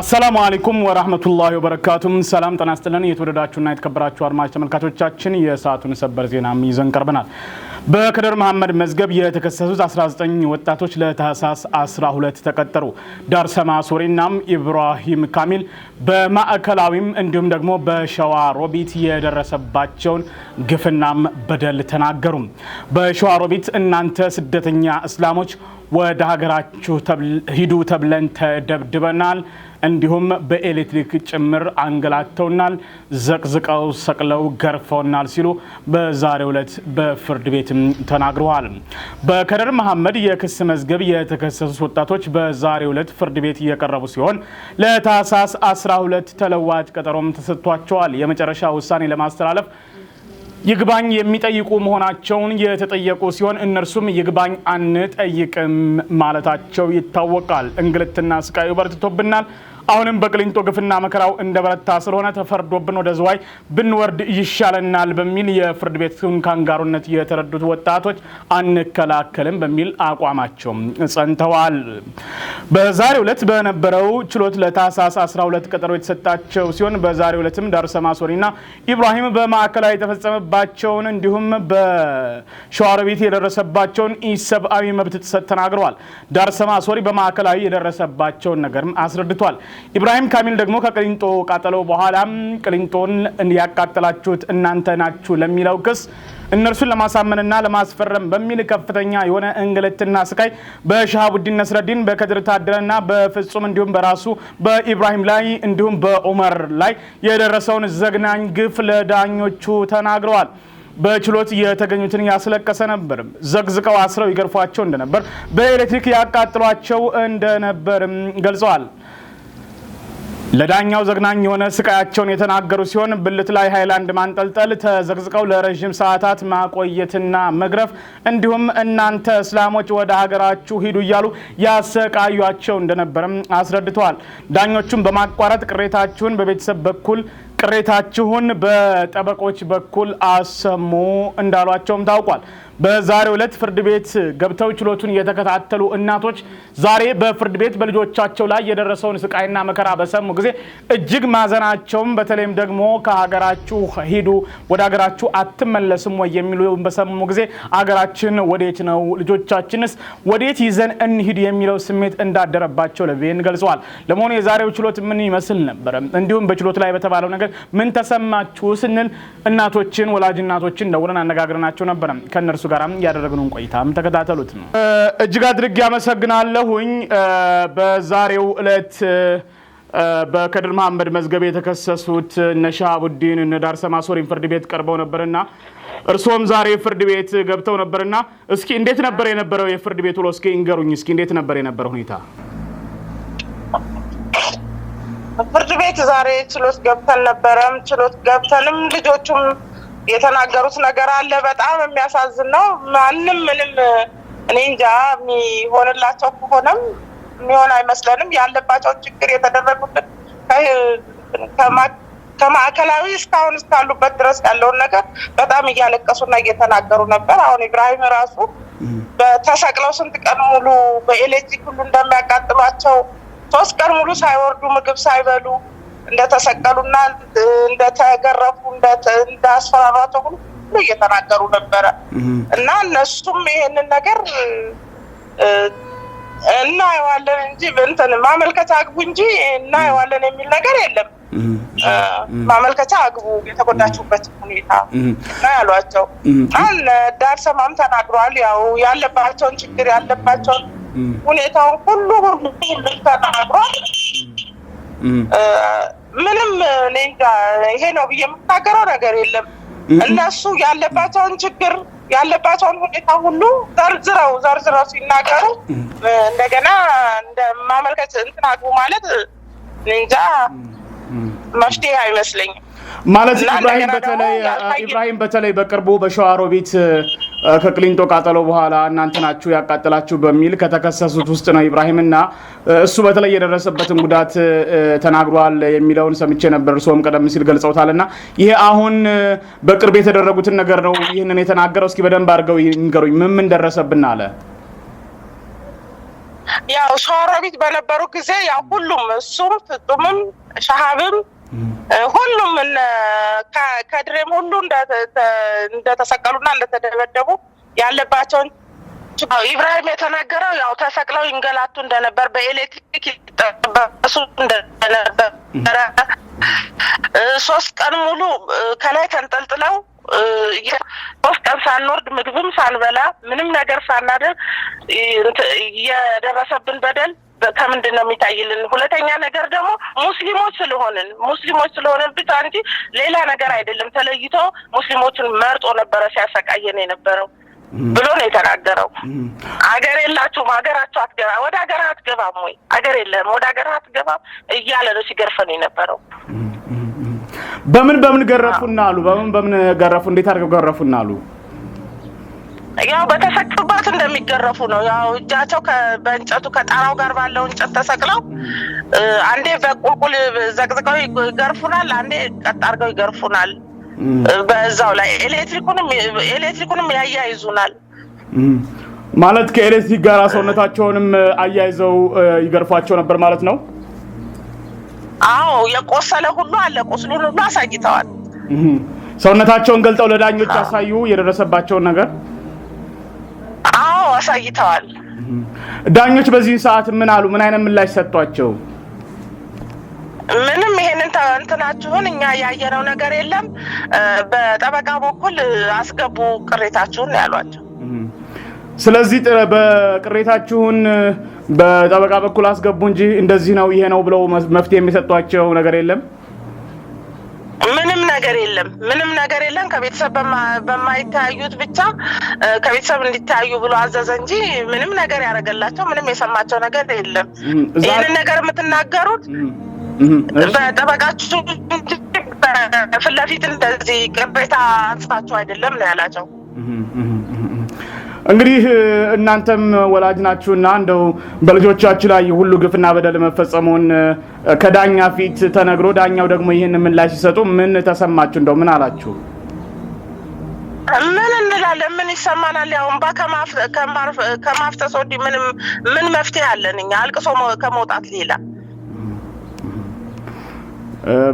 አሰላሙ አለይኩም ወራህመቱላሂ ወበረካቱም። ሰላም ጤና ይስጥልን። የተወደዳችሁና የተከበራችሁ አድማጭ ተመልካቾቻችን የሰዓቱን ሰበር ዜናም ይዘን ቀርበናል። በከደር መሐመድ መዝገብ የተከሰሱት 19 ወጣቶች ለታህሳስ 12 ተቀጠሩ። ዳርሰማ ሶሪናም ኢብራሂም ካሚል በማዕከላዊም እንዲሁም ደግሞ በሸዋ ሮቢት የደረሰባቸውን ግፍናም በደል ተናገሩ። በሸዋ ሮቢት እናንተ ስደተኛ እስላሞች ወደ ሀገራችሁ ሂዱ ተብለን ተደብድበናል። እንዲሁም በኤሌክትሪክ ጭምር አንገላተውናል፣ ዘቅዝቀው ሰቅለው ገርፈውናል ሲሉ በዛሬው ዕለት በፍርድ ቤትም ተናግረዋል። በከረር መሐመድ የክስ መዝገብ የተከሰሱት ወጣቶች በዛሬው ዕለት ፍርድ ቤት እየቀረቡ ሲሆን ለታህሳስ 12 ተለዋጭ ቀጠሮም ተሰጥቷቸዋል። የመጨረሻ ውሳኔ ለማስተላለፍ ይግባኝ የሚጠይቁ መሆናቸውን የተጠየቁ ሲሆን እነርሱም ይግባኝ አንጠይቅም ማለታቸው ይታወቃል። እንግልትና ስቃዩ በርትቶብናል አሁንም በቅሊንጦ ግፍና መከራው እንደበረታ ስለሆነ ተፈርዶብን ወደ ዝዋይ ብንወርድ ይሻለናል በሚል የፍርድ ቤቱን ካንጋሩነት የተረዱት ወጣቶች አንከላከልም በሚል አቋማቸው ጸንተዋል። በዛሬው ዕለት በነበረው ችሎት ለታህሳስ 12 ቀጠሮ የተሰጣቸው ሲሆን በዛሬው ዕለትም ዳርሰማ ሶሪና ኢብራሂም በማዕከላዊ የተፈጸመባቸውን እንዲሁም በሸዋሮቢት የደረሰባቸውን ኢሰብአዊ መብት ጥሰት ተናግረዋል። ዳርሰማ ሶሪ በማዕከላዊ የደረሰባቸውን ነገርም አስረድቷል። ኢብራሂም ካሚል ደግሞ ከቅሊንጦ ቃጠሎ በኋላም ቅሊንጦን ያቃጠላችሁት እናንተ ናችሁ ለሚለው ክስ እነርሱን ለማሳመንና ለማስፈረም በሚል ከፍተኛ የሆነ እንግልትና ስቃይ በሻሃቡዲን ነስረዲን በከድር ታደለና በፍጹም እንዲሁም በራሱ በኢብራሂም ላይ እንዲሁም በኡመር ላይ የደረሰውን ዘግናኝ ግፍ ለዳኞቹ ተናግረዋል። በችሎት የተገኙትን ያስለቀሰ ነበርም። ዘግዝቀው አስረው ይገርፏቸው እንደነበር፣ በኤሌክትሪክ ያቃጥሏቸው እንደነበርም ገልጸዋል። ለዳኛው ዘግናኝ የሆነ ስቃያቸውን የተናገሩ ሲሆን ብልት ላይ ሃይላንድ ማንጠልጠል፣ ተዘቅዝቀው ለረዥም ሰዓታት ማቆየትና መግረፍ እንዲሁም እናንተ እስላሞች ወደ ሀገራችሁ ሂዱ እያሉ ያሰቃዩቸው እንደነበረም አስረድተዋል። ዳኞቹን በማቋረጥ ቅሬታችሁን በቤተሰብ በኩል ቅሬታችሁን በጠበቆች በኩል አሰሙ እንዳሏቸውም ታውቋል። በዛሬው ዕለት ፍርድ ቤት ገብተው ችሎቱን የተከታተሉ እናቶች ዛሬ በፍርድ ቤት በልጆቻቸው ላይ የደረሰውን ስቃይና መከራ በሰሙ ጊዜ እጅግ ማዘናቸውም በተለይም ደግሞ ከሀገራችሁ ሂዱ፣ ወደ ሀገራችሁ አትመለስም ወይ የሚሉ በሰሙ ጊዜ አገራችን ወዴት ነው? ልጆቻችንስ ወዴት ይዘን እንሂድ? የሚለው ስሜት እንዳደረባቸው ለቪኦኤ ገልጸዋል። ለመሆኑ የዛሬው ችሎት ምን ይመስል ነበረ? እንዲሁም በችሎት ላይ በተባለው ነገር ምን ተሰማችሁ ስንል እናቶችን ወላጅ እናቶችን ደውለን አነጋግረናቸው ነበረ ከነርሱ ከእነሱ ጋር ያደረግነውን ቆይታም ተከታተሉት። እጅግ አድርጌ ያመሰግናለሁኝ። በዛሬው እለት በከድር መሐመድ መዝገብ የተከሰሱት እነ ሸሃቡዲን እነ ዳርሰማ ሶሪን ፍርድ ቤት ቀርበው ነበርና እርስዎም ዛሬ ፍርድ ቤት ገብተው ነበርና እስኪ እንዴት ነበር የነበረው የፍርድ ቤት ውሎ? እስኪ እንገሩኝ። እስኪ እንዴት ነበር የነበረ ሁኔታ? ፍርድ ቤት ዛሬ ችሎት ገብተን ነበረም ችሎት ገብተንም ልጆቹም የተናገሩት ነገር አለ። በጣም የሚያሳዝን ነው። ማንም ምንም እኔ እንጃ የሚሆንላቸው ከሆነም የሚሆን አይመስለንም። ያለባቸው ችግር የተደረጉበት ከማዕከላዊ እስካሁን እስካሉበት ድረስ ያለውን ነገር በጣም እያለቀሱና እየተናገሩ ነበር። አሁን ኢብራሂም ራሱ በተሰቅለው ስንት ቀን ሙሉ በኤሌክትሪክ ሁሉ እንደሚያቃጥሏቸው ሶስት ቀን ሙሉ ሳይወርዱ ምግብ ሳይበሉ እንደተሰቀሉና እንደተገረፉ እንዳስፈራሯቸው ሁሉ እየተናገሩ ነበረ እና እነሱም ይሄንን ነገር እናየዋለን እንጂ እንትን ማመልከቻ አግቡ እንጂ እናየዋለን የሚል ነገር የለም። ማመልከቻ አግቡ የተጎዳችሁበት ሁኔታ እና ያሏቸው አለ ዳርሰማም ተናግሯል። ያው ያለባቸውን ችግር ያለባቸውን ሁኔታውን ሁሉ ሁሉ ተናግሯል። ምንም እኔ እንጃ ይሄ ነው ብዬ የምናገረው ነገር የለም። እነሱ ያለባቸውን ችግር ያለባቸውን ሁኔታ ሁሉ ዘርዝረው ዘርዝረው ሲናገሩ እንደገና እንደ ማመልከት እንትን አግቡ ማለት እንጃ መፍትሄ አይመስለኝም ማለት ኢብራሂም በተለይ ኢብራሂም በተለይ በቅርቡ በሸዋሮቢት ከቅሊንጦ ቃጠሎ በኋላ እናንተ ናችሁ ያቃጠላችሁ በሚል ከተከሰሱት ውስጥ ነው ኢብራሂምና እሱ በተለይ የደረሰበትን ጉዳት ተናግሯል የሚለውን ሰምቼ ነበር። እርስዎም ቀደም ሲል እና ይሄ አሁን በቅርብ የተደረጉትን ነገር ነው ይህንን የተናገረው። እስኪ በደንብ አድርገው ይንገሩኝ። ምን ምን ደረሰብን አለ። ያው ሸዋሮቢት በነበሩ ጊዜ ያው ሁሉም እሱም ፍጡምም ሻሃብም ሁሉም ከድሬም ሁሉ እንደተሰቀሉና እንደተደበደቡ ያለባቸውን ኢብራሂም የተናገረው ያው ተሰቅለው ይንገላቱ እንደነበር በኤሌክትሪክ ይጠበሱ እንደነበረ ሶስት ቀን ሙሉ ከላይ ተንጠልጥለው ሶስት ቀን ሳንወርድ ምግብም ሳንበላ ምንም ነገር ሳናደርግ የደረሰብን በደል ከምንድን ነው የሚታይልን? ሁለተኛ ነገር ደግሞ ሙስሊሞች ስለሆንን ሙስሊሞች ስለሆንን ብቻ እንጂ ሌላ ነገር አይደለም። ተለይቶ ሙስሊሞችን መርጦ ነበረ ሲያሰቃየን የነበረው ብሎ ነው የተናገረው። አገር የላችሁም፣ ሀገራችሁ አትገባ፣ ወደ ሀገር አትገባም ወይ አገር የለም፣ ወደ ሀገር አትገባም እያለ ነው ሲገርፈን የነበረው። በምን በምን ገረፉና አሉ? በምን በምን ገረፉ? እንዴት አድርገው ገረፉና አሉ? ያው በተሰቅሉባት እንደሚገረፉ ነው። ያው እጃቸው በእንጨቱ ከጣራው ጋር ባለው እንጨት ተሰቅለው አንዴ በቁልቁል ዘቅዝቀው ይገርፉናል፣ አንዴ ቀጥ አድርገው ይገርፉናል። በዛው ላይ ኤሌክትሪኩንም ያያይዙናል። ማለት ከኤሌክትሪክ ጋር ሰውነታቸውንም አያይዘው ይገርፏቸው ነበር ማለት ነው። አዎ የቆሰለ ሁሉ አለ። ቁስሉን ሁሉ አሳይተዋል። ሰውነታቸውን ገልጠው ለዳኞች ያሳዩ የደረሰባቸውን ነገር አዎ አሳይተዋል። ዳኞች በዚህ ሰዓት ምን አሉ? ምን አይነት ምላሽ ሰጧቸው? ምንም ይሄንን እንትናችሁን እኛ ያየነው ነገር የለም፣ በጠበቃ በኩል አስገቡ ቅሬታችሁን ያሏቸው። ስለዚህ በቅሬታችሁን በጠበቃ በኩል አስገቡ እንጂ እንደዚህ ነው ይሄ ነው ብለው መፍትሄ የሚሰጧቸው ነገር የለም። ምንም ነገር የለም፣ ምንም ነገር የለም። ከቤተሰብ በማይተያዩት ብቻ ከቤተሰብ እንዲተያዩ ብሎ አዘዘ እንጂ ምንም ነገር ያደረገላቸው ምንም የሰማቸው ነገር የለም። ይህንን ነገር የምትናገሩት በጠበቃችሁ ፊት ለፊት እንደዚህ ቅሬታ አንስታችሁ አይደለም ነው ያላቸው። እንግዲህ እናንተም ወላጅ ናችሁና እንደው በልጆቻችሁ ላይ ሁሉ ግፍና በደል መፈጸሙን ከዳኛ ፊት ተነግሮ ዳኛው ደግሞ ይህን ምላሽ ሲሰጡ ምን ተሰማችሁ? እንደው ምን አላችሁ? ምን እንላለን? ምን ይሰማናል? ያው እንባ ከማፍሰስ ወዲህ ምንም ምን መፍትሄ አለን እኛ አልቅሶ ከመውጣት ሌላ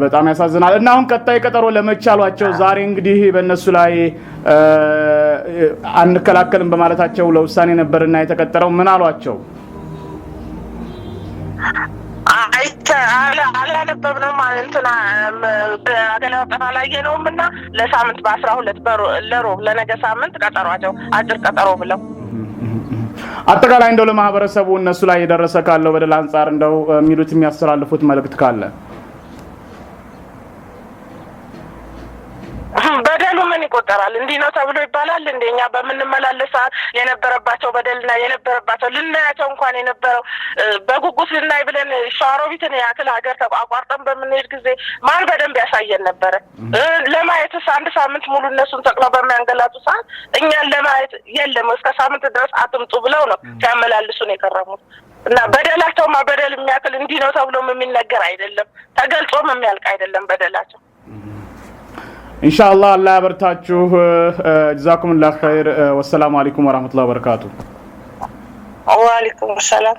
በጣም ያሳዝናል። እና አሁን ቀጣይ ቀጠሮ ለመቻሏቸው ዛሬ እንግዲህ በእነሱ ላይ አንከላከልም በማለታቸው ለውሳኔ ነበርና የተቀጠረው። ምን አሏቸው? አላነበብነውም እንትና አገላ ወጠና አላየነውም እና ለሳምንት በአስራ ሁለት ለሮብ ለነገ ሳምንት ቀጠሯቸው አጭር ቀጠሮ ብለው አጠቃላይ እንደው ለማህበረሰቡ እነሱ ላይ የደረሰ ካለው በደል አንጻር እንደው የሚሉት የሚያስተላልፉት መልእክት ካለ ይፈጠራል። እንዲህ ነው ተብሎ ይባላል። እንደኛ በምንመላለስ ሰዓት የነበረባቸው በደልና የነበረባቸው ልናያቸው እንኳን የነበረው በጉጉት ልናይ ብለን ሸዋሮቢትን ያክል ሀገር ተቋቋርጠን በምንሄድ ጊዜ ማን በደንብ ያሳየን ነበረ። ለማየትስ አንድ ሳምንት ሙሉ እነሱን ተቅለው በሚያንገላቱ ሰዓት እኛን ለማየት የለም እስከ ሳምንት ድረስ አትምጡ ብለው ነው ሲያመላልሱን የከረሙት። እና በደላቸውማ በደል የሚያክል እንዲህ ነው ተብሎም የሚነገር አይደለም፣ ተገልጾም የሚያልቅ አይደለም በደላቸው። ان شاء الله الله يبرታችሁ آه، آه، جزاكم الله خير آه، والسلام عليكم ورحمه الله وبركاته وعليكم السلام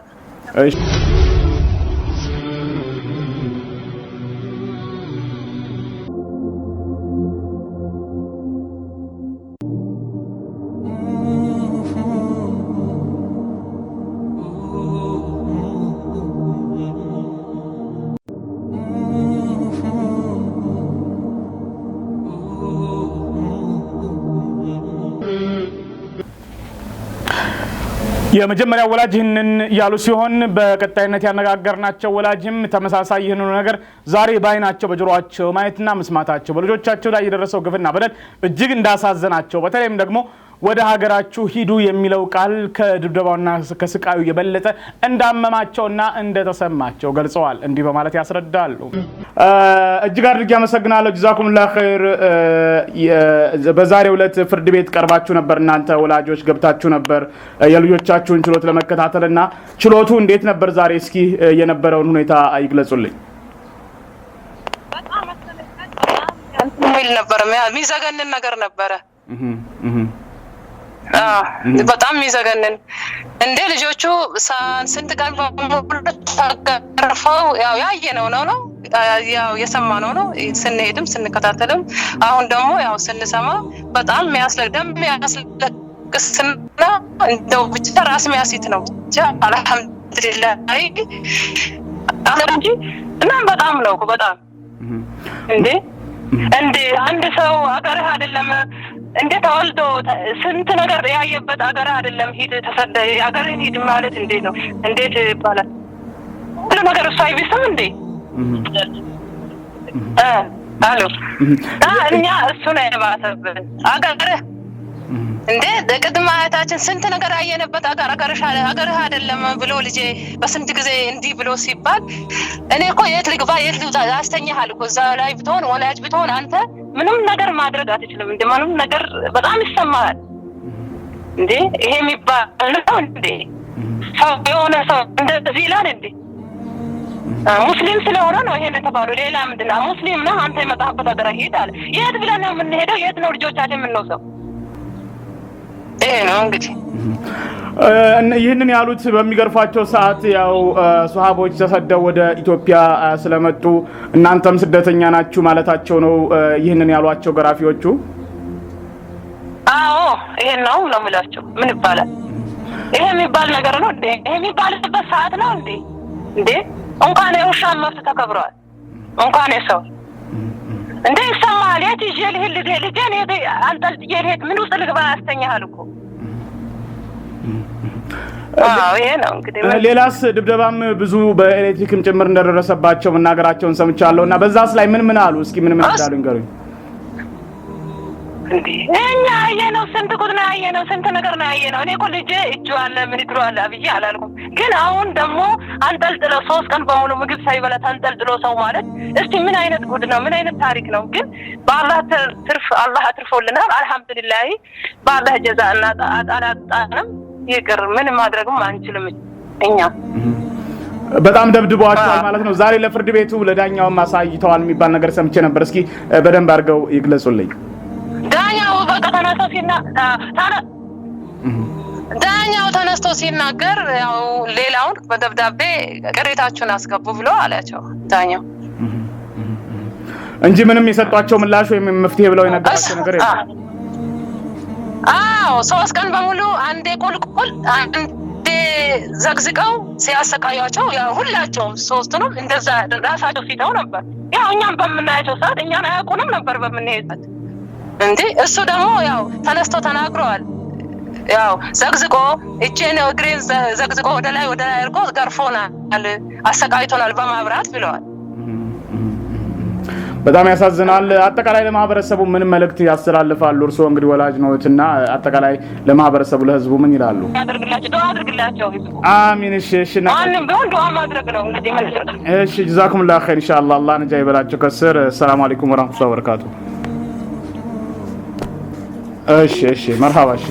የመጀመሪያ ወላጅ ይህንን ያሉ ሲሆን በቀጣይነት ያነጋገርናቸው ወላጅም ተመሳሳይ ይህንኑ ነገር ዛሬ በአይናቸው በጆሮቸው ማየትና መስማታቸው በልጆቻቸው ላይ የደረሰው ግፍና በደል እጅግ እንዳሳዘናቸው በተለይም ደግሞ ወደ ሀገራችሁ ሂዱ የሚለው ቃል ከድብደባውና ከስቃዩ የበለጠ እንዳመማቸውና እንደተሰማቸው ገልጸዋል። እንዲህ በማለት ያስረዳሉ። እጅግ አድርጌ አመሰግናለሁ። ጀዛኩሙላ ኸይር። በዛሬው ዕለት ፍርድ ቤት ቀርባችሁ ነበር። እናንተ ወላጆች ገብታችሁ ነበር የልጆቻችሁን ችሎት ለመከታተል እና ችሎቱ እንዴት ነበር ዛሬ? እስኪ የነበረውን ሁኔታ ይግለጹልኝ። ሚል ነበር የሚዘገንን ነገር ነበረ በጣም ይዘገንን እንደ ልጆቹ ስንት ቀን ተገርፈው ያው ያየነው ነው ነው ያው የሰማነው ነው ስንሄድም ስንከታተልም አሁን ደግሞ ያው ስንሰማ በጣም የሚያስለቅደም ያስለቅስና እንደው ብቻ ራስ የሚያሲት ነው ብቻ አልሐምዱሊላህ እንጂ እናም በጣም ነው በጣም እንዴ እንዴ አንድ ሰው አገርህ አይደለም እንዴት ተወልዶ ስንት ነገር ያየበት አገር አይደለም። ሂድ ተሰደ አገርን ሂድ ማለት እንዴት ነው? እንዴት ይባላል? ሁሉ ነገር እሱ አይብስም እንዴ? አሎ እኛ እሱ ነው የባሰብን አገር እንዴ ቅድም አያታችን ስንት ነገር ያየንበት አገር አገርህ አይደለም ብሎ ልጄ በስንት ጊዜ እንዲህ ብሎ ሲባል እኔ እኮ የት ልግባ የት ልውጣ ያስተኛሃል እኮ እዛ ላይ ብትሆን ወላጅ ብትሆን አንተ ምንም ነገር ማድረግ አትችልም። እንደ ምንም ነገር በጣም ይሰማል። እንዴ ይሄ የሚባል ነው እንዴ? ሰው የሆነ ሰው እንደዚህ ይላል እንዴ? ሙስሊም ስለሆነ ነው ይሄን የተባለው። ሌላ ምንድን ነው? ሙስሊም ነህ አንተ የመጣህበት ሀገር ሂድ አለ። የት ብለን ነው የምንሄደው? የት ነው ልጆቻችን የምንወስደው? ይሄ ነው እንግዲህ ይህንን ያሉት በሚገርፏቸው ሰዓት ያው ሶሃቦች ተሰደው ወደ ኢትዮጵያ ስለመጡ እናንተም ስደተኛ ናችሁ ማለታቸው ነው። ይህንን ያሏቸው ገራፊዎቹ። አዎ ይሄን ነው ነው የሚሏቸው። ምን ይባላል? ይሄ የሚባል ነገር ነው እንዴ? ይሄ የሚባልበት ሰዓት ነው እንዴ? እንዴ እንኳን የውሻ መብት ተከብረዋል፣ እንኳን የሰው እንዴ ይሰማ የት ይዤ ልሂድ? ልጄን አንጠልጥዬ ልሂድ? ምን ውስጥ ልግባ? አስተኛሃል እኮ ይሄ ነው እንግዲህ። ሌላስ ድብደባም ብዙ በኤሌክትሪክም ጭምር እንደደረሰባቸው መናገራቸውን ሰምቻለሁ። እና በዛስ ላይ ምን ምን አሉ? እስኪ ምን ምን እንዳሉ ንገሩኝ። እኛ ያየነው ስንት ቁጥ ነው ያየነው፣ ስንት ነገር ነው ያየነው። እኔ እኮ ልጄ እጁ አለ ምን ድሮ አለ ብዬ አላልኩም። ግን አሁን ደግሞ አንጠልጥሎ ሶስት ቀን በሙሉ ምግብ ሳይበላ አንጠልጥሎ ሰው ማለት እስቲ ምን አይነት ጉድ ነው? ምን አይነት ታሪክ ነው? ግን በአላህ ትርፍ አላህ አትርፎልናል። አልሐምዱሊላህ በአላህ ጀዛ እና አላጣንም። ይቅር ምን ማድረግም አንችልም እኛ በጣም ደብድበዋቸዋል ማለት ነው። ዛሬ ለፍርድ ቤቱ ለዳኛውም አሳይተዋል የሚባል ነገር ሰምቼ ነበር። እስኪ በደንብ አድርገው ይግለጹልኝ። ከተነሰው ዳኛው ተነስቶ ሲናገር ያው ሌላውን በደብዳቤ ቅሬታችሁን አስገቡ ብሎ አላቸው ዳኛው እንጂ ምንም የሰጧቸው ምላሽ ወይም መፍትሄ ብለው የነገራቸው ነገር አዎ ሶስት ቀን በሙሉ አንዴ ቁልቁል አንዴ ዘግዝቀው ሲያሰቃያቸው ሁላቸውም ሶስቱንም እንደዛ ራሳቸው ሲተው ነበር። ያው እኛም በምናያቸው ሰዓት እኛን አያውቁንም ነበር በምንሄድበት እንዴ እሱ ደግሞ ያው ተነስቶ ተናግሯል። ያው ዘግዝቆ እጄን እግሬን ዘግዝቆ ወደ ላይ ወደ ላይ አድርጎ ገርፎናል፣ አሰቃይቶናል በማብራት ብለዋል። በጣም ያሳዝናል። አጠቃላይ ለማህበረሰቡ ምን መልእክት ያስተላልፋሉ? እርስዎ እንግዲህ ወላጅ ነዎት እና አጠቃላይ ለማህበረሰቡ ለህዝቡ ምን ይላሉ? አድርግላቸው። አሚን። እሺ፣ እሺ፣ እሺ፣ ጀዛኩም ላኸር። ኢንሻአላህ አላህ ነጃ ይበላቸው ከስር። ሰላም አለይኩም ወራህመቱላሂ ወበረካቱ እሺ፣ እሺ፣ መርሃባ። እሺ፣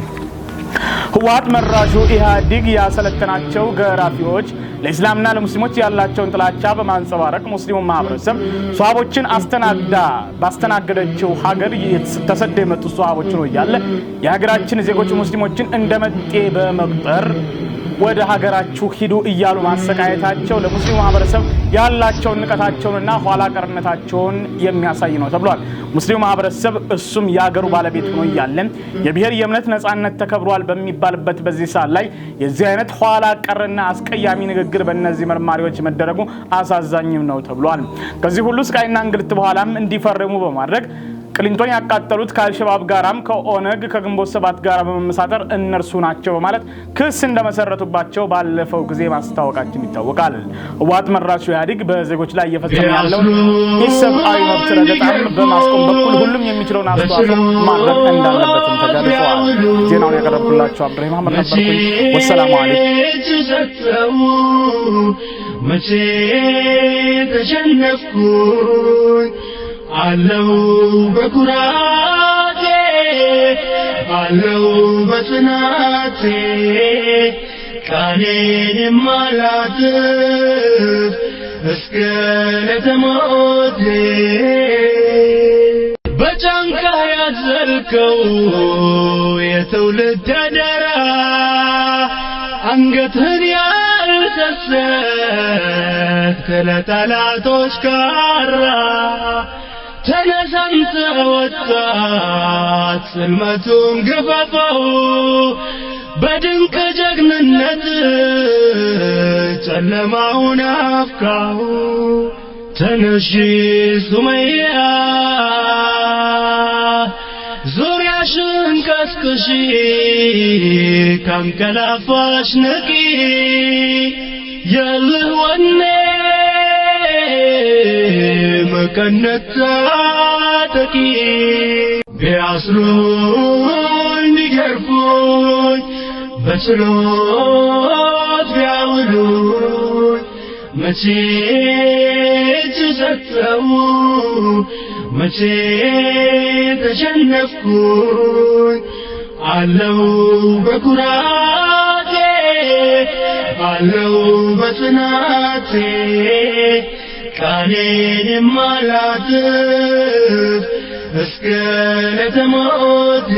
ህወሓት መራሹ ኢህአዲግ ያሰለጠናቸው ገራፊዎች ለእስላምና ለሙስሊሞች ያላቸውን ጥላቻ በማንጸባረቅ ሙስሊሙ ማህበረሰብ ሷሃቦችን አስተናግዳ ባስተናገደችው ሀገር ተሰደው የመጡ ሷሃቦች ነው እያለ የሀገራችን ዜጎች ሙስሊሞችን እንደ መጤ በመቁጠር ወደ ሀገራችሁ ሂዱ እያሉ ማሰቃየታቸው ለሙስሊሙ ማህበረሰብ ያላቸውን ንቀታቸውንና ኋላ ቀርነታቸውን የሚያሳይ ነው ተብሏል። ሙስሊሙ ማህበረሰብ እሱም የሀገሩ ባለቤት ሆኖ እያለ የብሔር የእምነት ነጻነት ተከብሯል በሚባልበት በዚህ ሰዓት ላይ የዚህ አይነት ኋላ ቀርና አስቀያሚ ንግግር በእነዚህ መርማሪዎች መደረጉ አሳዛኝም ነው ተብሏል። ከዚህ ሁሉ ስቃይና እንግልት በኋላም እንዲፈርሙ በማድረግ ቅሊንቶን ያቃጠሉት ከአልሸባብ ጋራም ከኦነግ ከግንቦት ሰባት ጋር በመመሳጠር እነርሱ ናቸው በማለት ክስ እንደመሰረቱባቸው ባለፈው ጊዜ ማስታወቃችን ይታወቃል። ህወሓት መራሹ ኢህአዴግ በዜጎች ላይ እየፈጸመ ያለውን ኢሰብአዊ መብት ረገጣም በማስቆም በኩል ሁሉም የሚችለውን አስተዋጽኦ ማድረግ እንዳለበትም ተገልጸዋል። ዜናውን ያቀረብኩላቸው አብዱራሂም አህመድ ነበርኩኝ። ወሰላሙ አሌይኩም። መቼ ተሸነፍኩኝ አለው በኩራቴ አለው በጽናቴ ቃኔን የማላጥፍ እስከ ለተሞቴ በጫንቃ ያዘልከው የትውልድ አደራ አንገትህን ያልሰሰት ከለጠላቶች ካራ ተነስ ወጣት ጽልመቱን ግፈፈው በድንቅ ጀግንነት ጨለማውን አፍካው። ተነሺ ሱመያ ዙሪያሽን ቀስቅሺ ካንቀላፋሽ ነቂ የልህ ወኔ መቀነት ታጠቂ ቢያስሩኝ ቢገርፉኝ በችሎት ቢያውሉኝ መቼ እጅ ሰጠው መቼ ተሸነፍኩኝ አለው በኩራቴ አለው በጽናቴ ቃሌን የማላጥፍ እስከ ለተሞቴ